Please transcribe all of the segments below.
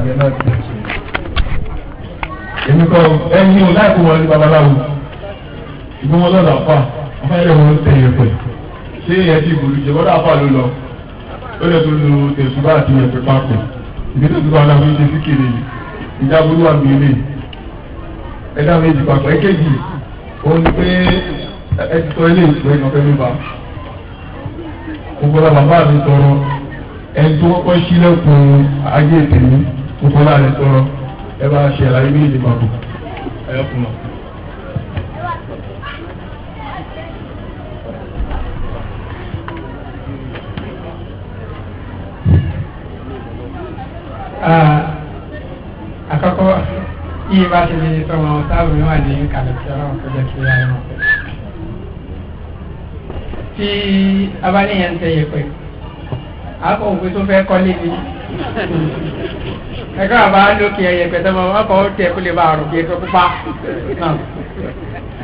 ìgbẹ́ náà ti ṣe. èmi kọ́ ẹni o láì kó wọlé babaláwo ìgbọ́n wọn lọ́dọ̀ àpá afẹ́rẹ́ wọn tẹ̀ pẹ̀ ṣé ìyẹn ti ìbòlú jẹ wọ́dọ̀ àpá ló lọ ó lè tó lu tẹ̀sùn bá àti ẹ̀pẹ̀ papọ̀ ìgbésẹ̀ tó bá wọn ṣe sí kiri ìjà burú wà mí ẹ̀dá méjì papọ̀ ẹ̀kẹ́jì òun ni pé ẹ ti sọ ilé ìtọ́ ìnàfẹ́ mi bá gbogbo la bàbá mi tọrọ ẹni tuntun náà ní tọrọ ẹ bá ṣe àlàyé méjì papọ̀ ẹ kùnà. àkọ́kọ́ yìí bá ṣe lè sọ wọn táwọn mi wà ní kàlẹ́ tí ọlọ́run tó jẹ́ kí ara wọn pẹ́. tí abáníyàn ń tẹ̀yẹ̀ pẹ̀ àbọ̀ òwe tó fẹ́ kọ́lé ni. ẹ ká bá lókè ẹyẹ pẹtẹ mọ ọkọ tẹ kó lè bá ọrùn kí ètò pupa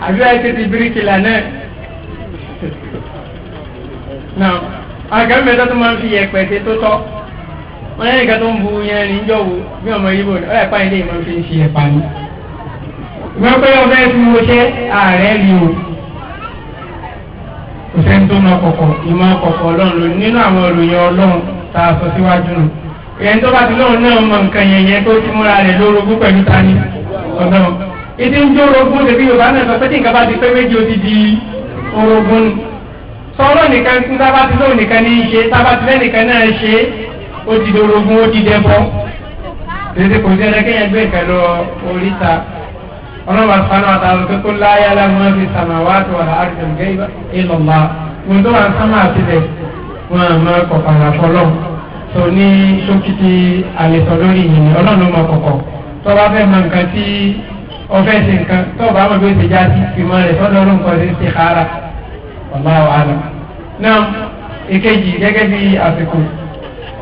àbí ẹ tètè bíríkì lánàá náà àgàmì mẹ́ta tó máa ń fi yẹpẹ ṣe tó tọ wọn yẹn nìkan tó ń bu yẹn ní bí ọmọ yìí bò ní ọyà pa fi ń fi pẹ́ tí mo ṣe ààrẹ rí o kò sẹ́ni tó ń lọ kọ̀kọ̀ ìmọ̀ kọ̀kọ̀ ọlọ́run nínú àwọn ìyẹn tó bá ti lóun náà mọ nǹkan yẹn yẹn tó ti múra rẹ̀ lórogún pẹ̀lú tani ọ̀dọ́ ìdí ń jó orogún tẹ̀bí yorùbá náà sọ pé tí nǹkan bá ti pé méjì ó ti di orogún ni sọ́ọ́rọ́ nìkan a tábà ti lóun nìkan ní í ṣe tábà ti lẹ́nìkan náà ṣe ó ti di orogún ó ti dẹ́bọ́ tètè kò sí ẹlẹ́kẹ́yẹn gbé nǹkan lọ oríta ọlọ́wà sanu àtàwọn pé kó láyà láwọn fi sàmà wá tó wàhálà àrùn ìlọ́lá wọn tó wà sánmà àti bẹ̀ wọn àmọ́ kọ̀ọ̀kan àfọlọ́ọ̀ tó ní sókìtì àlèsọ lórí ìyìn ọlọ́run ọmọ kọ̀kọ̀ tó bá fẹ́ mọ nǹkan tí ọfẹ́ ṣe nǹkan tó bá mọ̀ bí ó ṣe já sí ìmọ̀ rẹ̀ sọ́dọ̀ ọlọ́run kan ṣe ṣe kára ọ̀la wàhálà. náà èkejì gẹ́gẹ́ bí àsìkò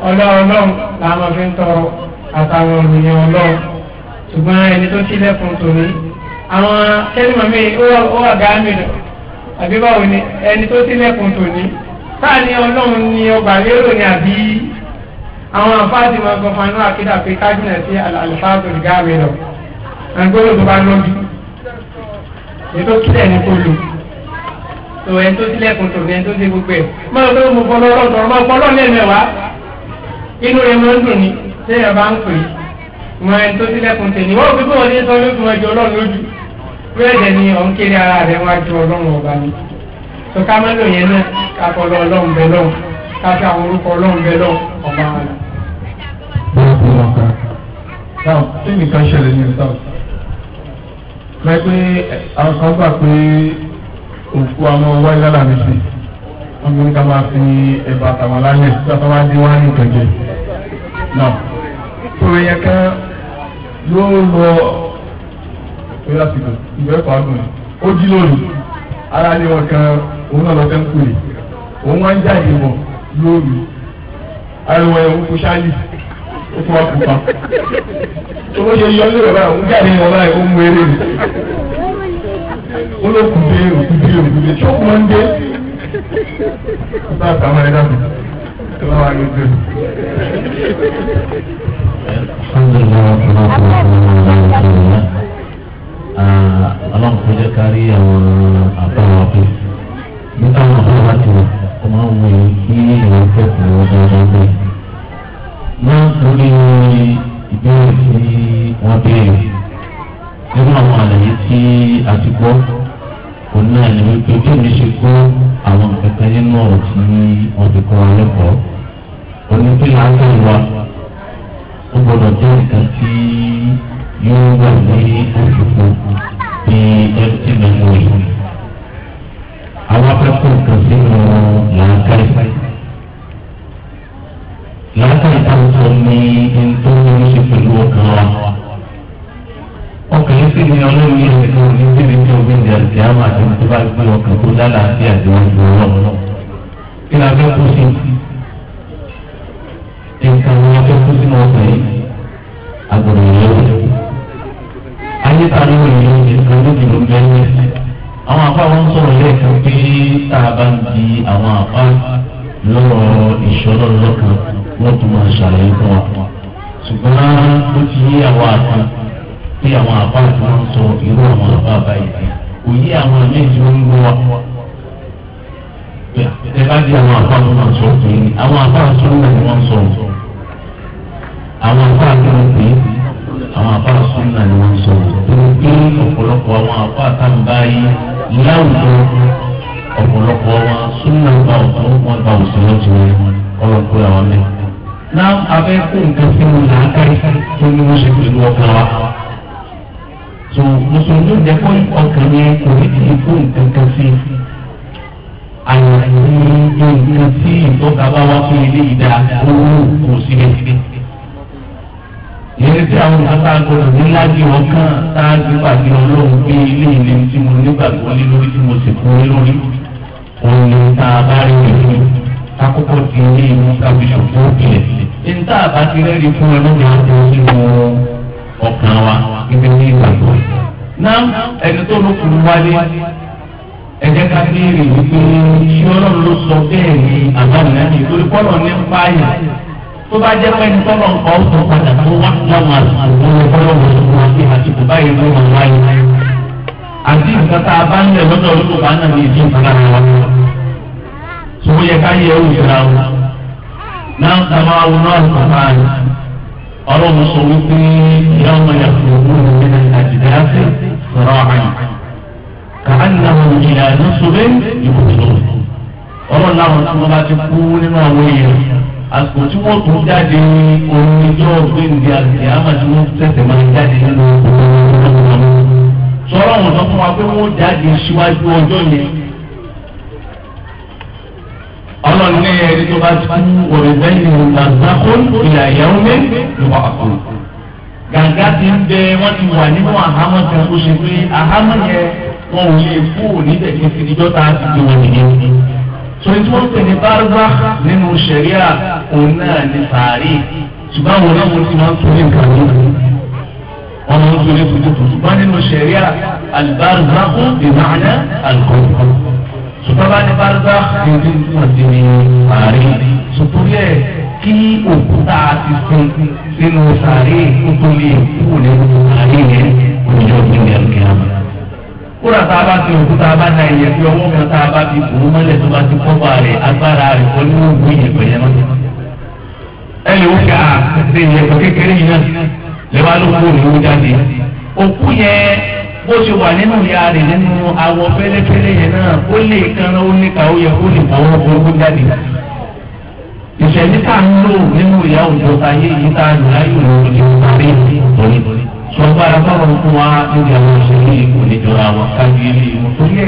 ọlọ́ọ̀lọ́run làwọn fi ń tọrọ àtàwọn òròyìn ọlọ́run ṣùgbọ́n ẹni tó sílẹ̀kùn tòní àwọn kẹ́lìmọ̀ mi ó wà gáàmì lọ àbí báwo ni ẹni tó sílẹ̀kùn tòní táà ní ni ọgbà lérò àwọn àǹfààní wọn gan fanú àkídà pé kájínà sí àlùfáàtò ìgáàmì lọ ẹgbẹ́ tó bá lọ́bí ètò kílẹ̀ ní kó lò tó ẹni tó sílẹ̀kùn tòun ẹni tó ṣe gbogbo ẹ̀ máa tó mo fọlọ́ ọ̀tọ̀ ọmọ ọpọlọ lẹ́ẹ̀mẹ́wàá inú rẹ̀ máa ń dùn ní sẹ́yìn bá ń pè mọ ẹni tó sílẹ̀kùn tèmi wọ́n fi bí wọ́n ní sọ lójú wọn ju ọlọ́run lójú bẹ́ẹ̀ ni ọ̀n kéré ara rẹ̀ wá ju ọlọ́run ọba ni tó ká má lò yẹn náà ká ọlọ́run bẹ́ lọ́run ká àwọn orúkọ ọlọ́run bẹ́ lọ́run ọba wọn ní wọn kan náà kí nìkan ṣẹlẹ̀ ní ìtàn pẹ́ pé àwọn kan gbà pé òkú àwọn wáyé lálàmì sí wọn bí ká máa fi ẹ̀bà àtàwọn lálẹ́ gbàtọ́ wá dé wáyé kẹjẹ náà tó yẹ ká yóò lọ ìwé àsìkò ìwé ẹ̀kọ́ àgùn ó jí lónìí ara ni wọn kan òun náà lọ fẹ́ ń kú yìí òun wá ń jáde bọ̀ lóru ariwo ẹ̀ ń kú ṣáàlì ó fọ́ pupa owó yẹ yọ lórí ọba òun jáde ní ọba ó mú eré mi ó ló kù dé òkú dé òkú dé tó kún dé bá a sàmà ẹ tó bá wà ló dé. Ọlọ́run kò jẹ́ wọ́n ń torí ìbéèrè tí wọ́n béèrè. nínú àwọn àlàyé tí a ti gbọ́ òun náà ni wípé kí ni ṣe kó àwọn kẹkẹ nínú ọ̀rọ̀ tí wọ́n ti kọ́ alẹ́kọ̀ọ́. òní pé láńkà wa ó gbọ́dọ̀ jẹ́ nǹkan tí yóò wà ní òṣùpọ̀. ní ntó ṣe pẹ̀lú ọkàn wa. ọkàn yìí sì ni ọlọ́run yìí ṣe fún mi níbi tí omi ìdí àti àmà àti tó bá gbé ọkàn tó dá láàbí àdéhùn ọlọ́run. kí ni abẹ́ kú sí? nǹkan wọn abẹ́ kú sínú ọkàn yìí agbọ̀dọ̀ yẹn wò. ayé ta ló wọ̀ yìí nǹkan lójú ló ń bẹ́ẹ̀ àwọn sọ̀rọ̀ lẹ́ẹ̀kan pé tá a bá ń di àwọn àpá lọ́rọ̀ ìṣọ́lọ́lọ́kan wọ́n tún máa ṣàlàyé fún wa. ṣùgbọ́n ó ti yé àwọn àfa pé àwọn àfa tí wọ́n sọ irú àwọn àfa báyìí kò yé àwọn méjì ó ń lọ wa. ẹ bá di àwọn àfa tó máa sọ pé àwọn àfa tó ń lọ ni wọ́n sọ àwọn àfa tó ń pè é àwọn àfa súnà ni wọ́n sọ tó pé ọ̀pọ̀lọpọ̀ àwọn àfa àtàǹbá yìí láwùjọ ọ̀pọ̀lọpọ̀ wọn súnà bá ọ̀tún wọn bá òṣèlú tiwọn ọlọ́pọ̀ àwọn mẹ́ta náà abẹ́ kó nǹkan sí wọn làákà tó ní wọ́n ṣe pẹ̀lú ọkàn wa. tó mùsùlùmí jẹ́ pé ọkàn yẹn kò ní ti kó nǹkan kan sí àyàfi nǹkan tí ìtọ́ka a wá fún ilé ìdá owó kò síbẹ̀. Ìyẹn tí àwọn bàbá gbọdọ̀ ní lájú ọkàn táájú pàdé ọlọ́run pé ilé ìlú tí mo nígbàgbọ́ lé lórí tí mo sì fún lé lórí. Òun ni tá a bá rí ìlú. akụkọ dị n'ihu abụghị ọgwụ obi níta àbáti rẹ́ẹ̀rí fún ọ lóde ọdún nínú ọkàn wa níbi ní ìgbàgbọ́. náà ẹni tó ló kù wálé ẹ̀jẹ̀ ká béèrè wípé ṣé ọlọ́run ló sọ bẹ́ẹ̀ ni àbáyọ̀nà ni torí kọ́lọ̀ ní páyà tó bá jẹ́ pé nítorí ọkọ̀ ọ̀sán padà tó wá láwọn àtúntò ọlọ́run tó wá sí àti kò báyìí ló wà wáyé. àti nǹkan tá a bá ń lẹ̀ lọ́dọ̀ olùkọ́ bá náà ní ìdí ìfúnra wa. sọ yẹ ká yẹ òwúrọ̀ náà kàmá awùnà ọ̀kọ̀ọ̀kọ̀ àná ọlọ́run sọ wípé ìyá ọmọ yà fún òun ní àjìdá àfẹ sọ̀rọ̀ àyè kàánà òun ìyá ní sọ́bẹ̀ ìbùsọ̀ ọlọ́run láwọn tí wọ́n bá ti kú nínú àwọn èèyàn àsìkò tí wọ́n tún jáde orin ìjọ gbẹ̀ǹdì àti àmà tí wọ́n tẹ̀sẹ̀ máa jáde nínú ọ̀pọ̀lọpọ̀ sọ̀rọ̀ àwọn ọ̀dọ́ fún wa pé wọ́n jáde síwájú ọjọ́ yẹn ọlọ́run ní ẹni tó bá ti wọ ìbẹ́yìn ìdàgbàkún ìyàyẹ̀wò mi lọ́wọ́ àkọ́. gàgá ti ń bẹ wọ́n ti wà nínú àhámọ́ kan ó ṣe pé àhámọ́ yẹn wọn ò lè kú níbẹ̀ kí ti dijọ́ ta ti di wọn nìyẹn. torí tí wọ́n pè ní bárúbá nínú sẹ̀ríà òun náà ní sàárì ṣùgbọ́n àwọn ọlọ́run ti máa ń torí nǹkan yìí wọ́n máa ń torí tuntun ṣùgbọ́n nínú sẹ̀ríà àlùbárúbá sùpàbà ní bàrúgbà ìlú àti ààrẹ sùpùlẹ̀ kí òkúta ti fún nínú sàárè nítorí kúrò nínú sàárè yẹn òjò ìgbìyànjú kìámà. kúrò tá a bá fi òkúta bá na ìyẹn fi ọwọ́ mi tá a bá fi bùrú mọ́lẹ̀ tó bá ti kọ́ba rẹ̀ agbára rẹ̀ kọ́ nínú òwú ìyẹ̀pẹ̀ yẹn lọ́sẹ̀. ẹ lè wọ́n ká ẹsẹ̀ ìyẹ̀pẹ̀ kékeré yìí náà lè wá lóko òní wọ́n jáde. òkú yẹn bó ṣe wà nínú ìyá rẹ̀ nínú awọ fẹ́lẹ́fẹ́lẹ́ yẹn náà ó lè kanra ó nípa ó yẹ kó lè bọ́wọ́ burúkú jáde. ìṣẹ̀lẹ̀ tá ń lò nínú ìyá òjò ayé yìí tá a lò láyé òun ní parí lórí. sọgbà sọ̀rọ̀ fún wa lórí àwọn òṣèlú yìí kò lè jọra wọn kájú ilé ìwọ̀n tó yẹ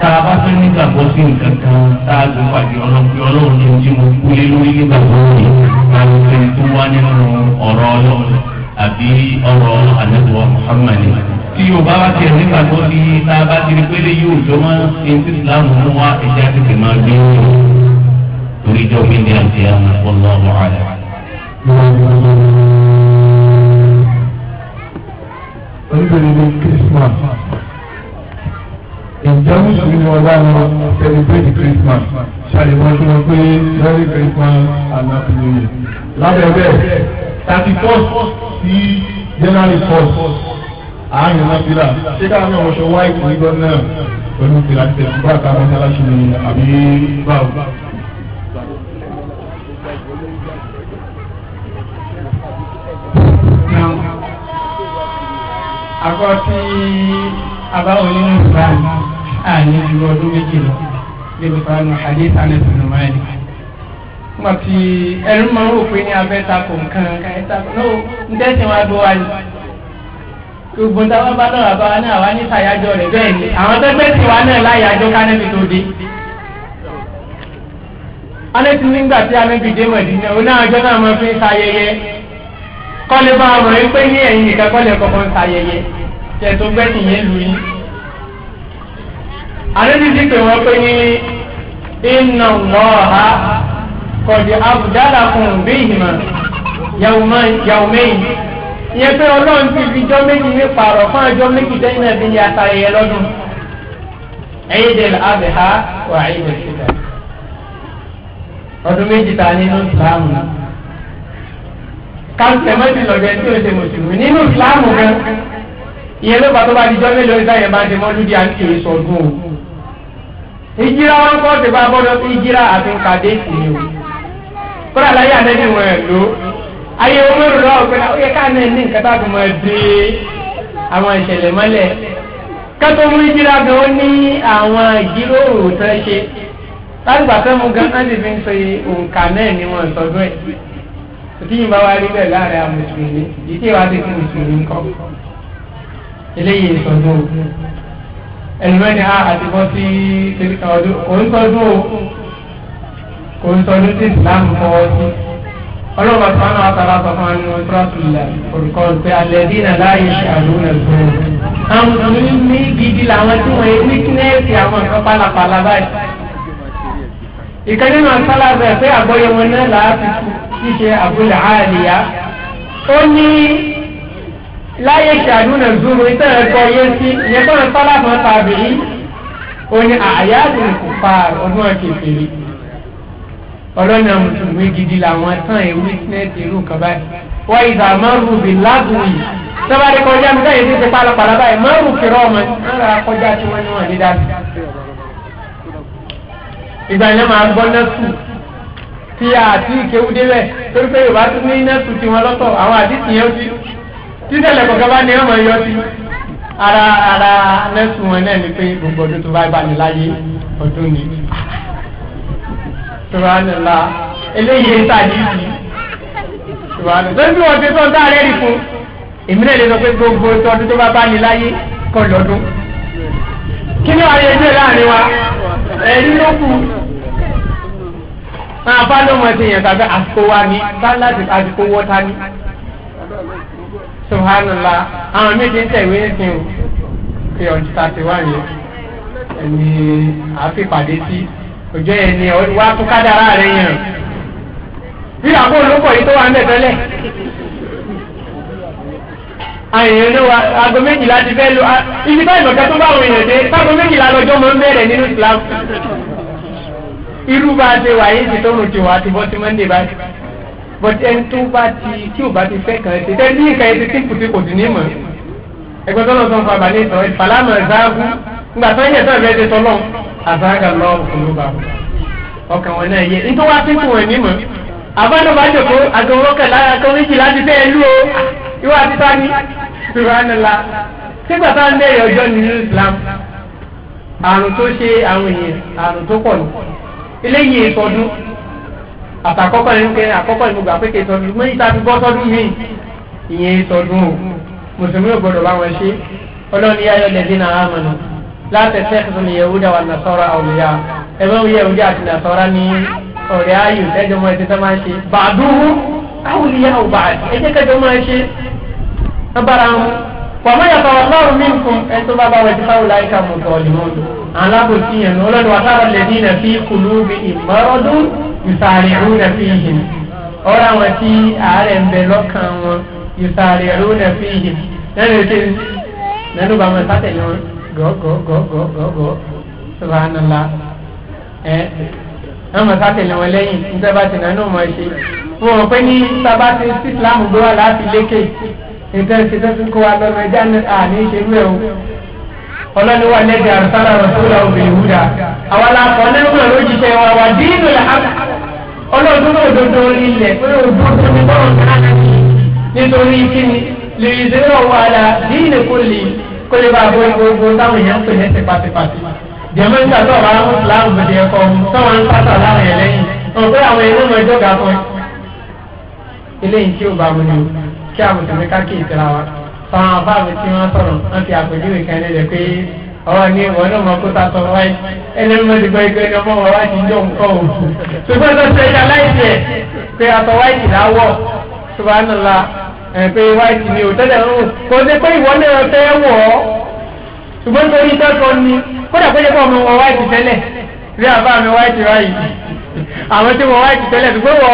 tá bá fẹ́ nígbàgbọ́ sí nǹkan kan tá a gbé pàdé ọlọ́pẹ́ ọlọ́run ní ojú mo kú lórí nígbàgbọ́ yìí àwọn ẹni tó wá nínú ọ̀rọ̀ ọlọ́run àbí ọ̀rọ̀ àlẹ́ wa tí yorùbá bá tiẹ̀ nígbà tó di tá a bá ti rí pé yóò jọ mọ́ etí ìsìlámù mú wa ẹ̀jẹ̀ á tètè máa gbé wọn torí jọ mí ní àti àmọ́ ọlọ́ ọmọ àlẹ́. oníbẹ̀rẹ̀ ní christmas ǹjẹ́ mùsùlùmí ọba wọn celebrate christmas ṣàlùmọ́ tí wọ́n pé very christmas and happy new year. lábẹ́ bẹ́ẹ̀ thirty first sí january first àárín náà fílà ṣé káwọn náà wọṣọ wáìtì nígbà náà pẹ̀lú fìlà ti tẹ̀sí bá àtàwọn mọ́ṣáláṣí ni àbí báwo. àkọ́ tí abáwọn nínú ìbáyìí àní ju ọdún méjì lọ níbi ìbánu hadith anas bin malik nígbà tí ẹ̀rú máa ń rò pé ní abẹ́ta kò nǹkan kan ẹ̀ta kò náà ń tẹ̀sí wọn agbó wa ni gbogbo ta wọn bá lọ́wọ́ àbá wa náà wá ní sàyájọ́ rẹ̀ bẹ́ẹ̀ ni àwọn tó gbé tiwa náà láyàjọ́ kánẹ́bì tó dé. alẹ́ ti nígbà tí anẹ́bì dé mọ̀dínà ó náà jọ náà mọ fi ń sayẹyẹ kọ́lé bá wọn rí pé ní ẹ̀yìn nìkan kọ́lé kọ́kọ́ ń sayẹyẹ tẹ̀ tó gbẹ́sìn yẹn lù yín. anẹ́bì sì pè wọ́n pé ní iná lọ́ọ̀ha kọ̀dí abùdá làkùn bí ìhìmọ̀ yàwùmẹ́yìn ìyẹn pé ọlọ́run ti fi jọ méjì ní pààrọ̀ fún àjọ méjì tẹ́yìn náà bí ní àtàyẹ lọ́dún ẹ̀yìn dẹ̀ abẹ̀ ha wà á ìwé ṣúgà ọdún méjì ta nínú ìsìlámù káńtẹ̀ mẹ́tì lọ́dọ̀ ẹni tí ó ṣe mùsùlùmí nínú ìsìlámù gan ìyẹn ló bá tó bá di jọ méjì oríta yẹn bá ti mọ́ lúdí àti kìí o ìjírá wọn kọ́ ti bá bọ́dọ̀ ìjírá àti nkàdé ìsìn ayé omeru lọ́wọ́ pé ó yẹ káàánú ẹ̀ ní nǹkan tá a fi máa dé àwọn ìṣẹ̀lẹ̀ mọ́lẹ̀ kátó mú ìjìlá gan ó ní àwọn ìjíròrò tán ṣe látìgbà tó mú gan láti fi ń pe òǹkà náà ni wọ́n sọdún ẹ̀ tí yìí bá wá rí bẹ́ẹ̀ láàrin àwọn mùsùlùmí yìí tí ìwádìí fún mùsùlùmí kọ́ eléyìí ìsọdún ògùn ẹlùmẹ́ni ah, a àti bọ́ sí kò ń sọdún o kò ń sọdún tí ìsìlámù fọwọ́ sí ọlọ́run àtàwọn àtàrà àtàwọn àni wọn tíratulẹ̀ orúkọ pé alẹ́ bí náà láàyè ṣàlùwọ̀n ẹ̀gbọ́n. àwọn ọ̀nà mi gidi làwọn tí wọ́n ní kínẹ́ẹ̀sì àwọn nǹkan pálapàla báyìí. ìkànnì náà sálàbẹ̀ pé àgbọ̀yọ̀ wọn náà láàfin ṣíṣe àbúlé àlìyá. ó ní láyé ṣàlùwọ̀n ẹ̀gbọ́n ìtàn ẹ̀kọ́ yé sí ìyẹn tó ń sálàbọ̀ tàbí ó ní àyáàdùn kò fà ọdún ọ̀kẹ́fẹ̀ẹ́ ọlọ́nà mùsùlùmí gidi làwọn tán ẹ̀ wíṣínẹ́sì irú kan báyìí wọ́n ìgbà márùn ún bí lágùn yìí sábàdé kọjá mi sáyẹn ti ṣe báyìí márùn kìrọ ọmọ ara kọjá tí wọ́n ní wọn ní dábì. ìgbà yẹn máa gbọ́ nẹ́sù tí a àti ìkéwú débẹ̀ torí pé yorùbá tún ní nẹ́sù tí wọ́n lọ́tọ̀ àwọn àdìsí yẹn ti títẹ̀lẹ̀ kọ̀ọ̀kan bá ní ọmọ yọ sí ara ara nẹ́sù wọn náà ni pé gbogbo ọdún tó bá gbani subhanallah eléyìí ń tà ní ìlú subhanallah lórí wọn ti tán dáa rẹ́rì fún èmi náà lè sọ pé gbogbo tọdún tó bá bá ní láyé kọ lọ́dún kí ni wàá yẹjọ́ láàrin wa ẹ̀rí ló kù máa bá ló mọ̀ ẹ̀sìn yẹn tàbí àsìkò wa ni bá láti àsìkò wọ́ta ni subhanallah àwọn méjì ń tẹ̀wé ẹ̀sìn o pé ọ̀dùtà ti wá yẹn ẹni àáfíìpàdé sí òjò yẹn ni wàá tún kádàrá rẹ yẹn rírà kó olóko yìí tó wà ń bẹ̀ tẹ́lẹ̀ àyẹ̀yẹ̀ ló wa aago méjìlá ti fẹ́ lo ibi bá ìgbọ̀nsẹ̀ tó bá àwọn èèyàn dé káàgó méjìlá lọ́jọ́ mọ́ ń bẹ̀rẹ̀ nínú Islam irú bá a ṣe wà yìí ti tó rùn tiwọn àti bọ́tí Monday báyìí bọ́tí ẹni tó bá ti tí ò bá ti fẹ́ kàn ṣe tẹ́ ní nǹkan ẹni tí kùtì kò sí ní mọ̀ ẹgbẹ́ tó lọ sọ fún abalẹ̀ sọ ìfàlámọ̀ ẹ̀záàbù ńgbà tó ń yẹ àzáàgà lọ́wọ́ kùlùbà ọkàn wọn náà yẹ nítorí wá pípọ̀ wọn nímọ̀ àbádọ́bá jòkó àgbọ̀nwọ́kẹ̀ lára kan méjì láti fẹ́ ẹlú o ìwà títà ní ìrànlá sígbà tá à ń bẹ̀rẹ̀ ọjọ́ nínú Islam àrùn tó ṣe àwọn èèyàn àrùn tó pọ̀ ní eléyìí ìsọdún àtàkọ́kọ́ nínú kẹ àkọ́kọ́ nínú gbà pé kẹ ìsọdún mọ́ ìta fi bọ́ sọdún míì ìyẹn ìsọdún o mùsùlùmí ò gbọdọ̀ bá wọn ṣe ọlọ́ni ayọ̀ lẹ́dínà àmọ́ náà la tattakhidhu al-yahuda wa an-nasara awliya e ba yahudi àti nasara ni ore ayu e jo mo ti ta ma se ba'duhu awliya u ba'd e je ka jo mo se tabaram wa ma yatawallahu minkum e to baba wa ta ulaika mutawallimun ala bo ti yan ola do atara alladhina fi qulubihim maradun yusari'una fihim ora wa ti are nbe lọ́kàn wọn yusari'una fihim nanu ti nanu ba ma ta te yon go go go go go go subhanallah ẹ ẹ mọ sá tẹlẹ wọn lẹ́yìn níta bá tẹlẹ náà ma ẹṣẹ wọn ò pé ní sábà islam wa o wa dodo ni kó lè bá a bóyá gbogbo táwọn èèyàn ń pè ní tipátipáti. jẹ̀mọ́ nígbà tó ọ̀bá àwọn fúlàmù bèdè ẹ̀kọ́ táwọn ń pátá láwọn yẹn lẹ́yìn wọn pé àwọn ẹni mọ̀ ẹjọ́ ga fún ẹ. eléyìí tí ó bá wọn ni kí àbùsùn mi ká kí ìtura wa. fáwọn abáàbò tí wọ́n sọ̀rọ̀ wọ́n fi àpèjúwe kan lélẹ̀ pé ọwọ́ ni wọn náà mọ kó ta sọ wáyé ẹni mọ̀ ti gbọ́ ẹgbẹ́ ẹni ọmọ wọn wáyé ìjọ nǹkan o ẹ̀ pé wáìtì ni ò tẹ́lẹ̀ ń rò kò sí pé ìwọ náà fẹ́ wọ̀ ọ́ ṣùgbọ́n torí tọ́tọ́ ni kódà pé jẹ́pọ̀ mi wọ wáìtì tẹ́lẹ̀ rí àbá mi wáìtì ráyìí àwọn tí wọ wáìtì tẹ́lẹ̀ ṣùgbọ́n wọ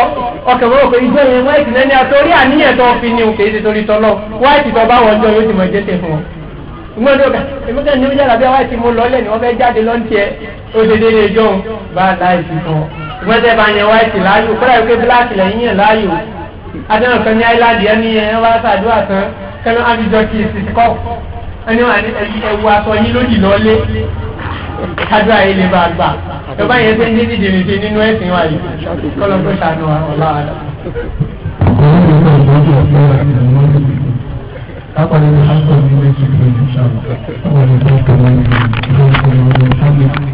ọkẹ̀ wọ́n pé ìjọ yẹn wáìtì lẹ́ni àtọ́rí àníyàn tó fi ni òkè ṣe torí tọ́lọ́ wáìtì tó bá wọ́n jọ yóò ti mọ̀ jẹ́ tẹ̀ fún ọ ìgbọ́n tó kà ìmúkẹ́ ní ìjà làbí àwọn ìtìmú lọ́lẹ̀ ó dédé ní adéhùn kan ní áìláńdì ẹni ẹ wá sàdúrà tán kẹlẹ àbíjọ kì í sìnkì kọ ẹni wà ní ẹwù aṣọ yín lódì lọlé kájọ ayé lè bá a gbà ẹ bá yẹn ṣe ń dídì dèrèdè nínú ẹsìn wa yìí kọlọ tó ṣàánú ọlá wa dá. Akpali ni hankali ni meji kiri inshallah. Akpali ni